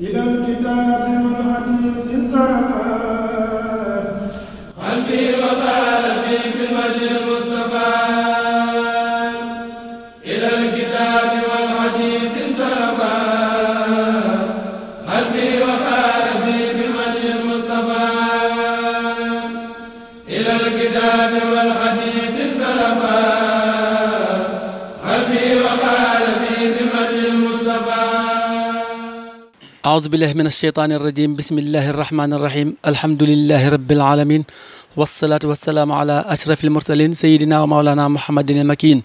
إلى الكتاب والحديث انصرفا قلبي وقال بي بالمجد المصطفى إلى الكتاب والحديث انصرفا قلبي وقال بي بالمجد المصطفى إلى الكتاب والحديث أعوذ بالله من الشيطان الرجيم بسم الله الرحمن الرحيم الحمد لله رب العالمين والصلاة والسلام على أشرف المرسلين سيدنا ومولانا محمد المكين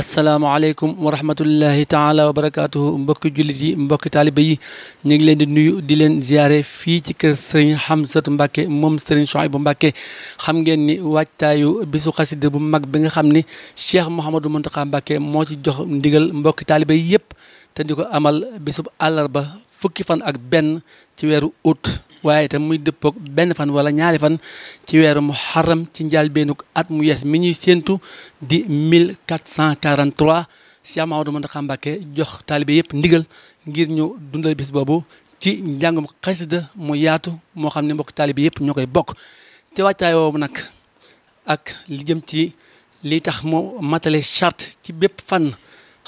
asalaamaaleykum wa rahmatullahi taala wa barakaatuhu mbokki jullit yi mbokki taaliba yi ñu ngi leen di nuyu di leen ziare fii ci kër sëriñ Hamsatu Mbàkke moom sëriñ Chouaïbou Mbàkke xam ngeen ni waajtaayu bisu xasida bu mag bi nga xam ni Cheikh Mouhamadou Mountakha Mbàkke moo ci jox ndigal mbokki taaliba yi yëpp te di ko amal bisub àllarba fukki fan ak benn ci weeru août waaye itam muy dëppoog benn fan wala ñaari fan ci weeru muharram ci njëlbéenug at mu yees mi ñuy séentu di mill 1443 Cheikh Mahamadou Mountakha Mbacké jox taalibe yëpp ndigal ngir ñu dundal bis boobu ci njàngum xasida mu yaatu moo xam ne mbokk taalibe yëpp ñoo koy bokk te wàccaay woowu nag ak li jëm ci li tax mu matale chart ci bépp fànn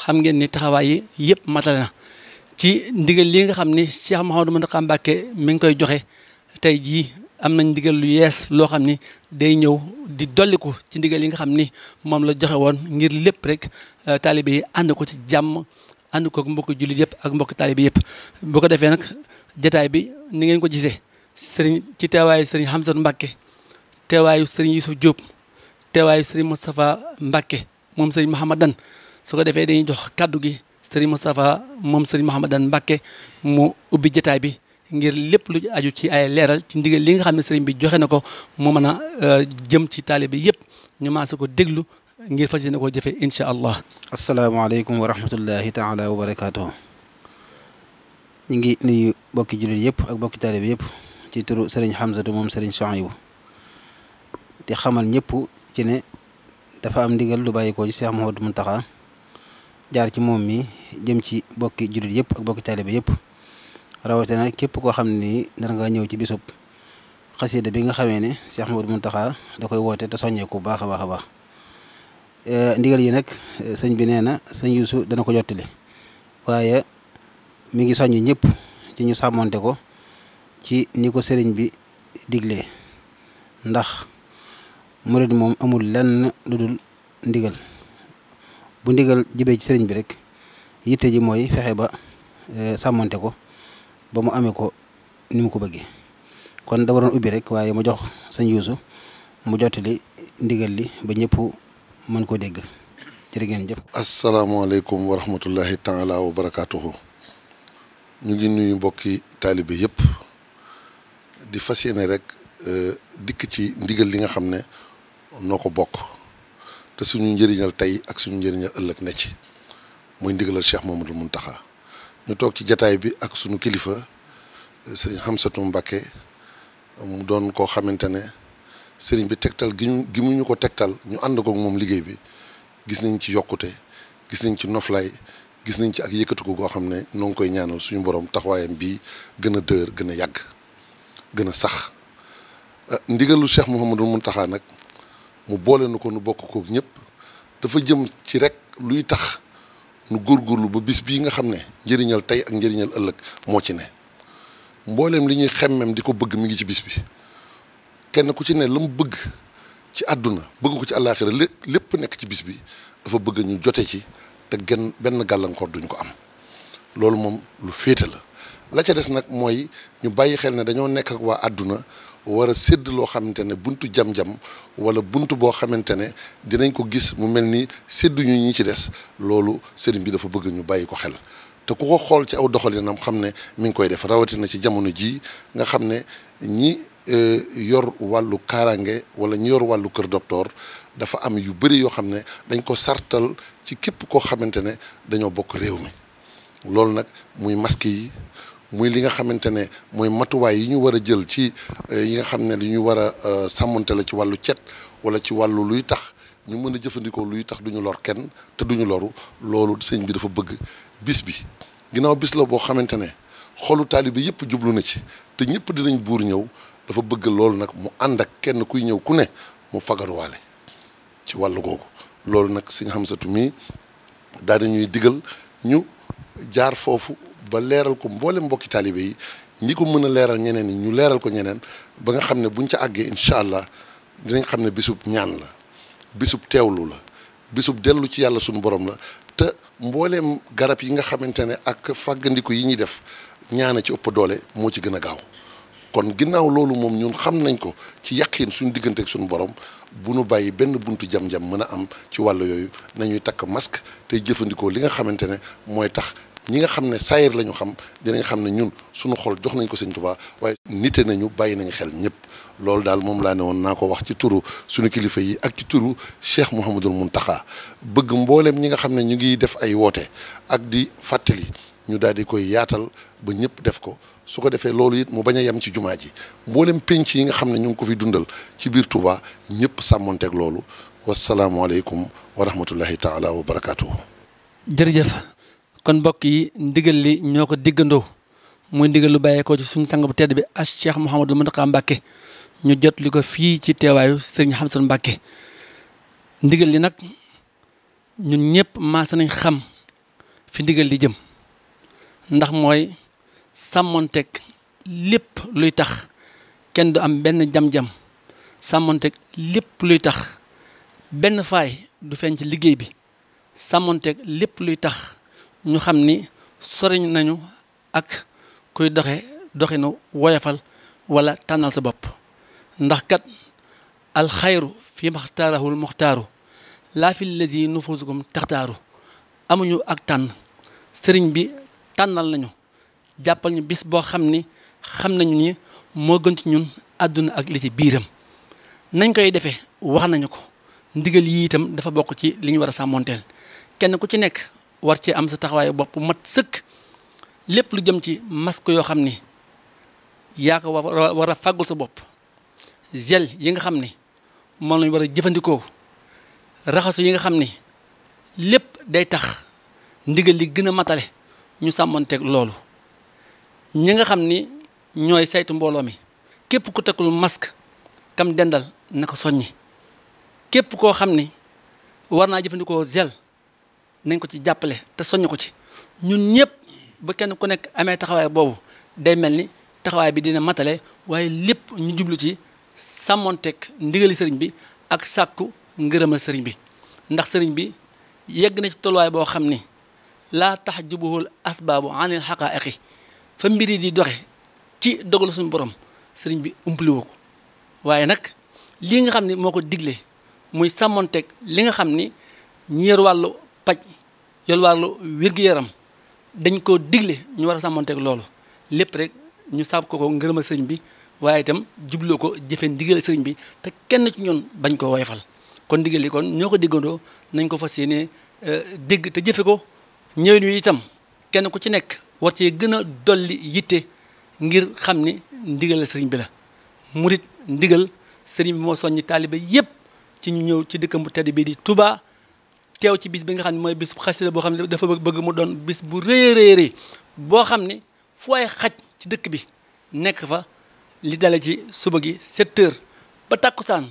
xam ngeen ni taxawaay yi yëpp matale na ci ndigal lii nga xam ni Cheikh Mouhamadou Mountakha Mbacké mi ngi koy joxe tey jii am nañ ndigal lu yees loo xam ni day ñëw di dolliku ci ndigal yi nga xam ni moom la joxe woon ngir lépp rek euh, taalibe yi ànd ko ci jàmm ànd ko ak mbokku jullit yëpp ak mbokku taalibe yëpp. bu ko defee nag jataay bi ni ngeen ko gisee sëriñ ci teewaayu sëriñ Hamza Mbacké teewaayu sëriñ Youssouf Diop teewaayu sëriñ Moustapha Mbacké moom sëriñ Mahamadan su ko defee dañuy jox kaddu gi. sëriñ Moustapha moom seriñ Mouhamadan Mbacke mu ubbi jotaay bi ngir lépp lu aju ci ay leeral ci ndigal li nga xam ne sëriñ bi joxe na ko mu mën a euh, jëm ci taalibe yëpp ñu maase ko déglu ngir fas yéene koo jëfe incha allah. asalaamaaleykum wa rahmatullahi taala wa barakaatu. ñu ngi nuyu bokki jullit yëpp ak bokki taalibe yëpp ci turu sëriñ Hamzatu moom sëriñ Souhaïbou di xamal ñëpp ci ne dafa am ndigal lu bàyyi ko ci Cheikh Mouhamadou Mountakha jaar ci moom mi jëm ci bokki jullit yëpp ak bokki taalibe yëpp rawatina képp koo xam ni dara nga ñëw ci bisub xasida bi nga xamee ne Cheikh Mouhamadou Mountakha da koy woote te soññee ku baax a baax eh, ndigal yi nag eh, sëñ bi nee na sëñ Youssou dana ko jottali waaye mu ngi soññ ñëpp ci ñu sàmmonte ko ci ni ko sëriñ bi diglee ndax murid moom amul lenn lu dul ndigal bu ndigal jibee ci sëriñ bi rek yitte ji mooy fexe ba eh, sàmmante ko ba mu amee ko ni mu ko bëggee kon da ubbi rek waaye mu jox sëñ Yuusu mu jottali ndigal li ba ñëpp mën koo dégg jërë ngeen jëf. asalaamaaleykum wa rahmatullahi taala wa barakaatuhu ñu ngi nuyu mbokki taalibe yëpp di fas yéene rek eh, dikk ci ndigal li nga xam ne noo ko bokk. te suñu njëriñal tey ak suñu njëriñal ëllëg ne ci muy ndigalal Cheikh Mamadou taxa ñu toog ci jataay bi ak suñu kilifa sëriñ Hamsatou Mbacké mu doon koo xamante ne sëriñ bi tegtal gi ñu mu ñu ko tegtal ñu ànd ko moom liggéey bi gis nañ ci yokkute gis nañ ci noflaay gis nañ ci ak yëkkatiku goo xam ne noo ngi koy ñaanal suñu boroom taxawaayam bii gën a dër gën a yàgg gën a sax ndigalu Cheikh Mouhamadou Mountakha nag mu boole na ko nu bokk kook ñëpp dafa jëm ci rek luy tax nu góorgóorlu ba bis bii nga xam ne njëriñal tey ak njëriñal ëllëg moo ci ne mbooleem li ñuy xemmem di ko bëgg mi ngi ci bis bi kenn ku ci ne lu mu bëgg ci àdduna bëgg ko ci àllaaxira lépp lépp nekk ci bis bi dafa bëgg ñu jote ci te genn benn gàllankoor duñu ko am loolu moom lu féete la la ca des nag mooy ñu bàyyi xel ne dañoo nekk waa àdduna war a sédd loo xamante ne buntu jam-jam wala bunt boo xamante ne dinañ ko gis mu mel ni sédduñu ñi ci des loolu sëriñ bi dafa bëgg ñu bàyyi ko xel te ku ko xool ci aw doxalinam xam ne mu ngi koy def rawatina ci jamono jii nga xam ne ñi e, yor wàllu kaaraange wala ñi yor wàllu kër docteur dafa am yu bëri yoo xam ne dañ ko sartal ci képp koo xamante ne dañoo bokk réew mi loolu nag muy masque yi muy li nga xamante ne mooy matuwaay yi ñu war a jël ci euh, yi nga xam ne li ñu war a euh, sàmmante la ci wàllu cet wala ci wàllu luy tax ñu mën a jëfandikoo luy tax duñu lor kenn te duñu loru loolu sëñ bi dafa bëgg bis bi ginnaaw bis la boo xamante ne xolu taalibe yëpp jublu na ci te ñëpp dinañ buur ñëw dafa bëgg loolu nag mu ànd ak kenn kuy ñëw ku ne mu fagaruwaale ci wàllu googu loolu nag sëñ Hamsatu mii daal di ñuy digal ñu jaar foofu ba leeral ko mboolem mbokki taalibe yi ñi ko mën a leeral ñeneen ñi ñu leeral ko ñeneen ba nga xam ne buñ ca àggee incha allah dinañ xam ne bisub ñaan la bisub teewlu la bisub dellu ci yàlla suñu borom la te mbooleem garab yi nga xamante ne ak fàggandiku yi ñuy def ñaana ci ëpp doole moo ci gën a gaaw kon ginnaaw loolu moom ñun xam nañ ko ci yàqin suñu diggante ak suñu borom bu nu bàyyi benn buntu jam-jam mën a am ci wàll yooyu nañuy takk masque tey jëfandikoo li nga xamante ne mooy tax ñi nga xam ne saayir la ñu xam dinañ xam ne ñun suñu xol jox nañ ko sëñ Tuubaa waaye nite nañu bàyyi nañu xel ñëpp loolu daal moom laa ne woon naa ko wax ci turu suñu kilifa yi ak ci turu Cheikh mun Mountakha bëgg mbooleem ñi nga xam ne ñu ngi def ay woote ak di fàttali ñu daal di koy yaatal ba ñëpp def ko su ko defee loolu it mu bañ a yem ci jumaa ji mboolem penc yi nga xam ne ñu ngi ko fi dundal ci biir Touba ñëpp sàmmonteeg loolu wasalaamualeykum wa rahmatullahi taala wa barakaatu. jërëjëf. kon mbokk yi ndigal li ñoo ko diggandoo muy ndigal lu bàyyeekoo ci suñ sang bu tedd bi ah Cheikh Mouhamadou Mountakha Mbacké ñu jot li ko fii ci teewaayu sëriñ Hamsatu Mbacké ndigal li nag ñun ñëpp maasa nañ xam fi ndigal li jëm ndax mooy sàmmonteeg lépp luy tax kenn du am benn jam-jam sàmmonteeg lépp luy tax benn faay du feeñ ci liggéey bi sàmmonteeg lépp luy tax ñu xam ni soriñ nañu ak kuy doxe doxinu woyafal wala tànnal sa bopp ndax kat alxayru fi maxtaarahul muxtaaru laa fi lazi nufusukum taxtaaru amuñu ak tànn sëriñ bi tànnal nañu jàppal ñu bis boo xam ni xam nañu ni moo gën ci ñun àdduna ak li ci biiram nañ koy defe wax nañu ko ndigal yi itam dafa bokk ci li ñu war a sàmmonteel kenn ku ci nekk war cee am sa taxawaayu bopp mat sëkk lépp lu jëm ci masque yoo xam ni yaa ko war a fàggul sa bopp gel yi nga xam ni moom lañu war a jëfandikoo raxasu yi nga xam ni lépp day tax ndigal li gën a matale ñu sàmmanteeg loolu ñi nga xam ni ñooy saytu mbooloo mi képp ku takkul masque kam dendal na ko soññi képp koo xam ni war naa jëfandikoo gel nañ ko ci jàppale te soññ ko ci ñun ñëpp ba kenn ku nekk amee taxawaay boobu day mel ni taxawaay bi dina matale waaye lépp ñu jublu ci sàmmoon teg ndigali sëriñ bi ak sàkku ngërëmal sëriñ bi ndax sëriñ bi yegg na ci tolluwaay boo xam ni laa tax jubuhul asbaabu anil xaqaaiqi fa mbir yi di doxe ci dogal suñu borom sëriñ bi umpliwu ko waaye nag li nga xam ni moo ko digle muy sàmmonteeg li nga xam ni ñeer wàllu paj yoolu wér-gu-yaram dañ ko digle ñu war a sàmmanteeg loolu lépp rek ñu saab ko ko ngërma sëriñ bi waaye itam jubloo ko jëfe ndigal sëriñ bi te kenn ci ñun bañ koo woyfal kon ndigal yi ñoo ko déggandoo nañ ko fas yéene euh, dégg te jëfe ko ñëwin wi itam kenn ku ci nekk war cee gën a dolli yitte ngir xam ni ndigal sëriñ bi la murit ndigal sëriñ bi moo soññ taaliba yépp ci ñu ñëw ci dëkkam bu tedd bii di Touba teew ci bis bi nga xam ne mooy bis xasida boo xam ne dafa bëgg mu doon bis bu rëy rëy boo xam ne fu ay xaj ci dëkk bi nekk fa li dale ci suba gi 7 heures ba tàkkusaan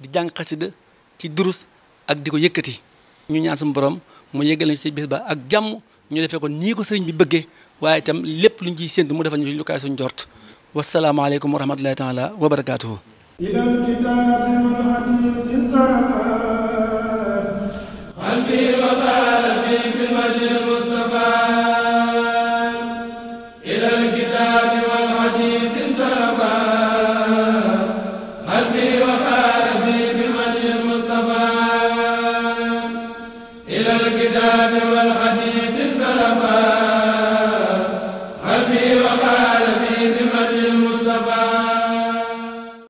di jàng xasida ci durus ak di ko yëkkati ñu ñaan suñu borom mu yëggale ci bis ba ak jàmm ñu defee ko nii ko sëriñ bi bëggee waaye itam lépp lu ñu ciy séntu mu defal ñu lu kaay suñu jort wasalaamaaleykum wa rahmatullahi taala wa barakaatuhu